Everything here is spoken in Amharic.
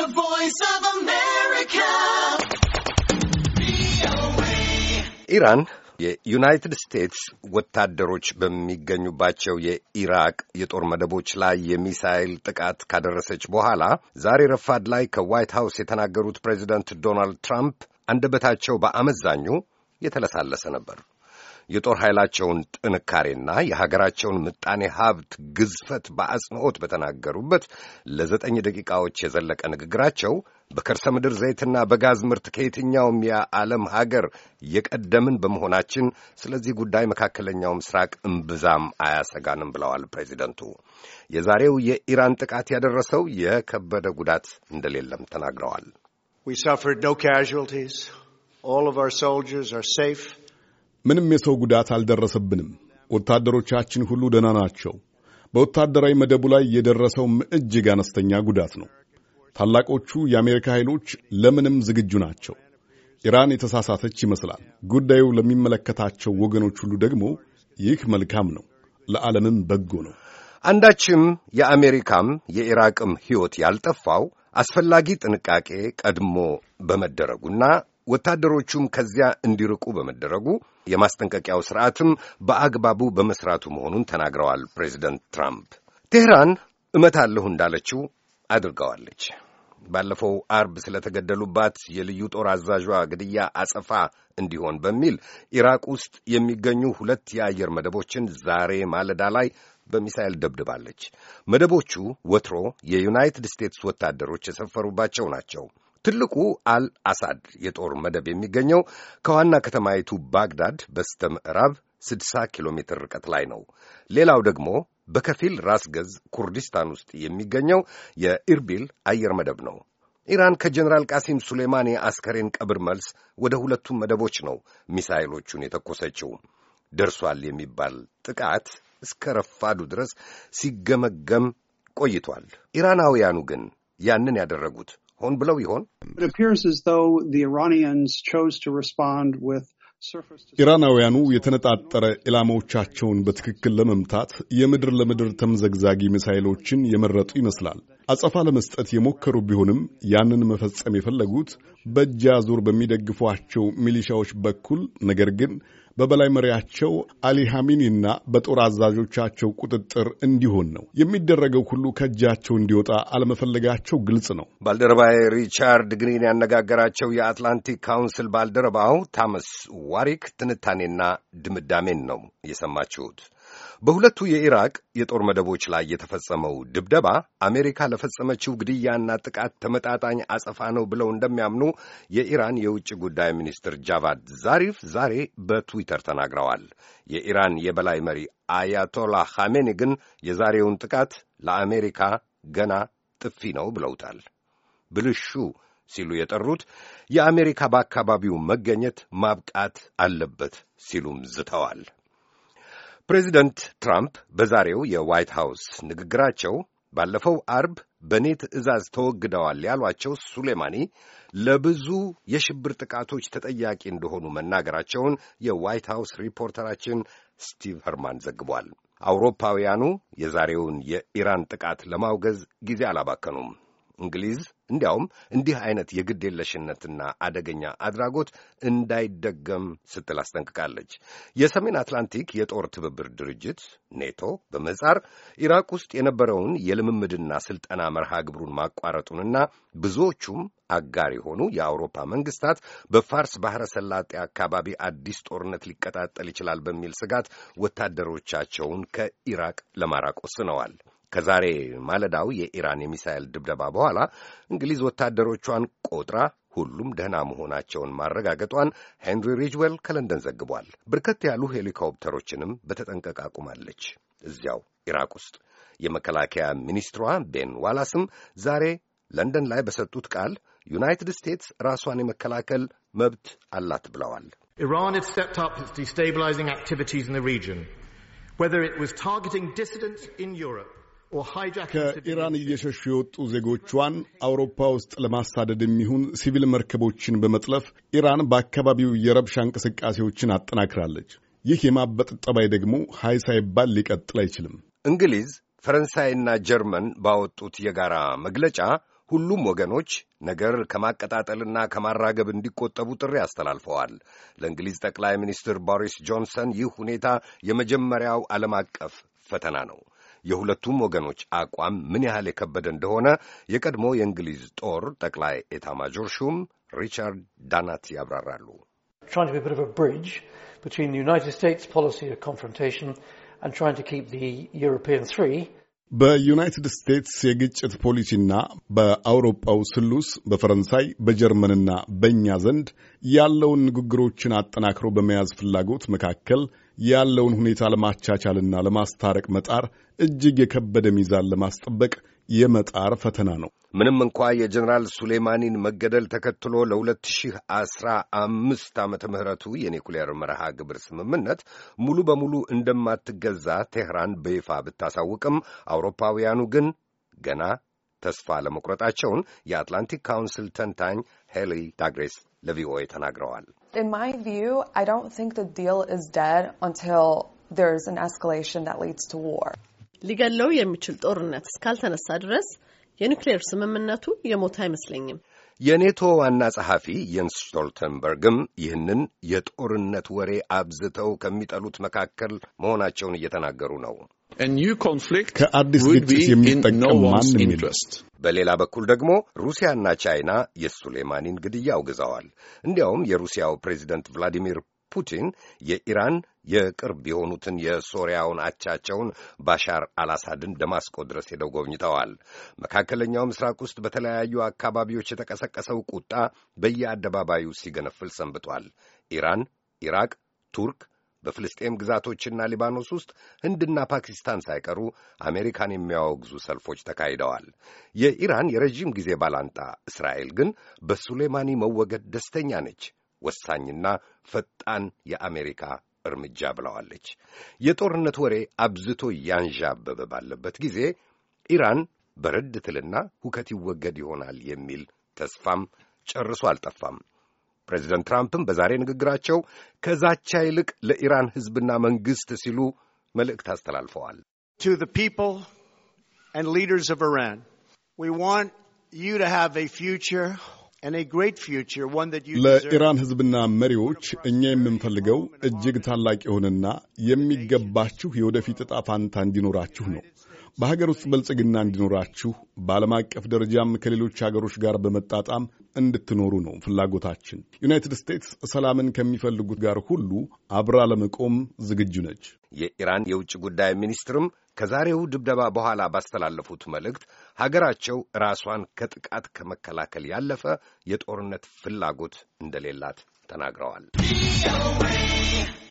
The Voice of America. Iran. የዩናይትድ ስቴትስ ወታደሮች በሚገኙባቸው የኢራቅ የጦር መደቦች ላይ የሚሳይል ጥቃት ካደረሰች በኋላ ዛሬ ረፋድ ላይ ከዋይት ሃውስ የተናገሩት ፕሬዚደንት ዶናልድ ትራምፕ አንደበታቸው በአመዛኙ የተለሳለሰ ነበር። የጦር ኃይላቸውን ጥንካሬና የሀገራቸውን ምጣኔ ሀብት ግዝፈት በአጽንኦት በተናገሩበት ለዘጠኝ ደቂቃዎች የዘለቀ ንግግራቸው በከርሰ ምድር ዘይትና በጋዝ ምርት ከየትኛውም የዓለም ሀገር የቀደምን በመሆናችን ስለዚህ ጉዳይ መካከለኛው ምስራቅ እምብዛም አያሰጋንም ብለዋል ፕሬዚደንቱ። የዛሬው የኢራን ጥቃት ያደረሰው የከበደ ጉዳት እንደሌለም ተናግረዋል። ምንም የሰው ጉዳት አልደረሰብንም። ወታደሮቻችን ሁሉ ደህና ናቸው። በወታደራዊ መደቡ ላይ የደረሰውም እጅግ አነስተኛ ጉዳት ነው። ታላቆቹ የአሜሪካ ኃይሎች ለምንም ዝግጁ ናቸው። ኢራን የተሳሳተች ይመስላል። ጉዳዩ ለሚመለከታቸው ወገኖች ሁሉ ደግሞ ይህ መልካም ነው፣ ለዓለምም በጎ ነው። አንዳችም የአሜሪካም የኢራቅም ሕይወት ያልጠፋው አስፈላጊ ጥንቃቄ ቀድሞ በመደረጉና ወታደሮቹም ከዚያ እንዲርቁ በመደረጉ የማስጠንቀቂያው ስርዓትም በአግባቡ በመስራቱ መሆኑን ተናግረዋል። ፕሬዚደንት ትራምፕ ቴህራን እመታለሁ እንዳለችው አድርገዋለች። ባለፈው አርብ ስለተገደሉባት የልዩ ጦር አዛዧ ግድያ አጸፋ እንዲሆን በሚል ኢራቅ ውስጥ የሚገኙ ሁለት የአየር መደቦችን ዛሬ ማለዳ ላይ በሚሳይል ደብድባለች። መደቦቹ ወትሮ የዩናይትድ ስቴትስ ወታደሮች የሰፈሩባቸው ናቸው። ትልቁ አል አሳድ የጦር መደብ የሚገኘው ከዋና ከተማይቱ ባግዳድ በስተ ምዕራብ 60 ኪሎ ሜትር ርቀት ላይ ነው። ሌላው ደግሞ በከፊል ራስ ገዝ ኩርዲስታን ውስጥ የሚገኘው የኢርቢል አየር መደብ ነው። ኢራን ከጀኔራል ቃሲም ሱሌማኒ አስከሬን ቀብር መልስ ወደ ሁለቱም መደቦች ነው ሚሳይሎቹን የተኮሰችው። ደርሷል የሚባል ጥቃት እስከ ረፋዱ ድረስ ሲገመገም ቆይቷል። ኢራናውያኑ ግን ያንን ያደረጉት ሆን ብለው ይሆን? ኢራናውያኑ የተነጣጠረ ኢላማዎቻቸውን በትክክል ለመምታት የምድር ለምድር ተምዘግዛጊ ሚሳይሎችን የመረጡ ይመስላል። አጸፋ ለመስጠት የሞከሩ ቢሆንም ያንን መፈጸም የፈለጉት በእጅ አዙር በሚደግፏቸው ሚሊሻዎች በኩል ነገር ግን በበላይ መሪያቸው አሊ ሐሚኒና በጦር አዛዦቻቸው ቁጥጥር እንዲሆን ነው። የሚደረገው ሁሉ ከእጃቸው እንዲወጣ አለመፈለጋቸው ግልጽ ነው። ባልደረባዬ ሪቻርድ ግሪን ያነጋገራቸው የአትላንቲክ ካውንስል ባልደረባው ታመስ ዋሪክ ትንታኔና ድምዳሜን ነው የሰማችሁት። በሁለቱ የኢራቅ የጦር መደቦች ላይ የተፈጸመው ድብደባ አሜሪካ ለፈጸመችው ግድያና ጥቃት ተመጣጣኝ አጸፋ ነው ብለው እንደሚያምኑ የኢራን የውጭ ጉዳይ ሚኒስትር ጃቫድ ዛሪፍ ዛሬ በትዊተር ተናግረዋል። የኢራን የበላይ መሪ አያቶላ ኻሜኒ ግን የዛሬውን ጥቃት ለአሜሪካ ገና ጥፊ ነው ብለውታል። ብልሹ ሲሉ የጠሩት የአሜሪካ በአካባቢው መገኘት ማብቃት አለበት ሲሉም ዝተዋል። ፕሬዚደንት ትራምፕ በዛሬው የዋይት ሃውስ ንግግራቸው ባለፈው አርብ በእኔ ትዕዛዝ ተወግደዋል ያሏቸው ሱሌማኒ ለብዙ የሽብር ጥቃቶች ተጠያቂ እንደሆኑ መናገራቸውን የዋይት ሃውስ ሪፖርተራችን ስቲቭ ኸርማን ዘግቧል። አውሮፓውያኑ የዛሬውን የኢራን ጥቃት ለማውገዝ ጊዜ አላባከኑም። እንግሊዝ እንዲያውም እንዲህ አይነት የግድ የለሽነትና አደገኛ አድራጎት እንዳይደገም ስትል አስጠንቅቃለች። የሰሜን አትላንቲክ የጦር ትብብር ድርጅት ኔቶ በመጻር ኢራቅ ውስጥ የነበረውን የልምምድና ስልጠና መርሃ ግብሩን ማቋረጡንና ብዙዎቹም አጋር የሆኑ የአውሮፓ መንግስታት በፋርስ ባሕረ ሰላጤ አካባቢ አዲስ ጦርነት ሊቀጣጠል ይችላል በሚል ስጋት ወታደሮቻቸውን ከኢራቅ ለማራቅ ወስነዋል። ከዛሬ ማለዳው የኢራን የሚሳኤል ድብደባ በኋላ እንግሊዝ ወታደሮቿን ቆጥራ ሁሉም ደህና መሆናቸውን ማረጋገጧን ሄንሪ ሪጅዌል ከለንደን ዘግቧል። በርከት ያሉ ሄሊኮፕተሮችንም በተጠንቀቅ አቁማለች እዚያው ኢራቅ ውስጥ። የመከላከያ ሚኒስትሯ ቤን ዋላስም ዛሬ ለንደን ላይ በሰጡት ቃል ዩናይትድ ስቴትስ ራሷን የመከላከል መብት አላት ብለዋል። ኢራን has stepped up its destabilizing activities ከኢራን እየሸሹ የወጡ ዜጎቿን አውሮፓ ውስጥ ለማሳደድ የሚሆን ሲቪል መርከቦችን በመጥለፍ ኢራን በአካባቢው የረብሻ እንቅስቃሴዎችን አጠናክራለች። ይህ የማበጥ ጠባይ ደግሞ ሀይ ሳይባል ሊቀጥል አይችልም። እንግሊዝ፣ ፈረንሳይና ጀርመን ባወጡት የጋራ መግለጫ ሁሉም ወገኖች ነገር ከማቀጣጠልና ከማራገብ እንዲቆጠቡ ጥሪ አስተላልፈዋል። ለእንግሊዝ ጠቅላይ ሚኒስትር ቦሪስ ጆንሰን ይህ ሁኔታ የመጀመሪያው ዓለም አቀፍ ፈተና ነው። የሁለቱም ወገኖች አቋም ምን ያህል የከበደ እንደሆነ የቀድሞ የእንግሊዝ ጦር ጠቅላይ ኤታማጆር ሹም ሪቻርድ ዳናት ያብራራሉ። ዩናይትድ ስቴትስ ፖሊሲ ኮንፍሮንቴሽን በዩናይትድ ስቴትስ የግጭት ፖሊሲና በአውሮፓው ስሉስ በፈረንሳይ በጀርመንና በእኛ ዘንድ ያለውን ንግግሮችን አጠናክሮ በመያዝ ፍላጎት መካከል ያለውን ሁኔታ ለማቻቻልና ለማስታረቅ መጣር እጅግ የከበደ ሚዛን ለማስጠበቅ የመጣር ፈተና ነው። ምንም እንኳ የጀኔራል ሱሌማኒን መገደል ተከትሎ ለ2015 ዓመተ ምህረቱ የኒኩሌር መርሃ ግብር ስምምነት ሙሉ በሙሉ እንደማትገዛ ቴህራን በይፋ ብታሳውቅም አውሮፓውያኑ ግን ገና ተስፋ ለመቁረጣቸውን የአትላንቲክ ካውንስል ተንታኝ ሄሊ ዳግሬስ ለቪኦኤ ተናግረዋል። ሊገለው የሚችል ጦርነት እስካልተነሳ ድረስ የኒውክሌር ስምምነቱ የሞት አይመስለኝም። የኔቶ ዋና ጸሐፊ የንስ ስቶልተንበርግም ይህንን የጦርነት ወሬ አብዝተው ከሚጠሉት መካከል መሆናቸውን እየተናገሩ ነው። ከአዲስ ግጭት የሚጠቀም ማንም የለም። በሌላ በኩል ደግሞ ሩሲያና ቻይና የሱሌማኒን ግድያ አውግዘዋል። እንዲያውም የሩሲያው ፕሬዚደንት ቭላዲሚር ፑቲን የኢራን የቅርብ የሆኑትን የሶሪያውን አቻቸውን ባሻር አልአሳድን ደማስቆ ድረስ ሄደው ጎብኝተዋል። መካከለኛው ምስራቅ ውስጥ በተለያዩ አካባቢዎች የተቀሰቀሰው ቁጣ በየአደባባዩ ሲገነፍል ሰንብቷል። ኢራን፣ ኢራቅ፣ ቱርክ በፍልስጤም ግዛቶችና ሊባኖስ ውስጥ ህንድና ፓኪስታን ሳይቀሩ አሜሪካን የሚያወግዙ ሰልፎች ተካሂደዋል። የኢራን የረዥም ጊዜ ባላንጣ እስራኤል ግን በሱሌማኒ መወገድ ደስተኛ ነች። ወሳኝና ፈጣን የአሜሪካ እርምጃ ብለዋለች። የጦርነት ወሬ አብዝቶ ያንዣበበ ባለበት ጊዜ ኢራን በረድ ትልና ሁከት ይወገድ ይሆናል የሚል ተስፋም ጨርሶ አልጠፋም። ፕሬዚደንት ትራምፕም በዛሬ ንግግራቸው ከዛቻ ይልቅ ለኢራን ሕዝብና መንግሥት ሲሉ መልእክት አስተላልፈዋል። To the people and leaders of Iran, we want you to have a future ለኢራን ሕዝብና መሪዎች እኛ የምንፈልገው እጅግ ታላቅ የሆነና የሚገባችሁ የወደፊት ዕጣ ፋንታ እንዲኖራችሁ ነው። በሀገር ውስጥ ብልጽግና እንዲኖራችሁ፣ በዓለም አቀፍ ደረጃም ከሌሎች ሀገሮች ጋር በመጣጣም እንድትኖሩ ነው ፍላጎታችን። ዩናይትድ ስቴትስ ሰላምን ከሚፈልጉት ጋር ሁሉ አብራ ለመቆም ዝግጁ ነች። የኢራን የውጭ ጉዳይ ሚኒስትርም ከዛሬው ድብደባ በኋላ ባስተላለፉት መልእክት ሀገራቸው ራሷን ከጥቃት ከመከላከል ያለፈ የጦርነት ፍላጎት እንደሌላት ተናግረዋል።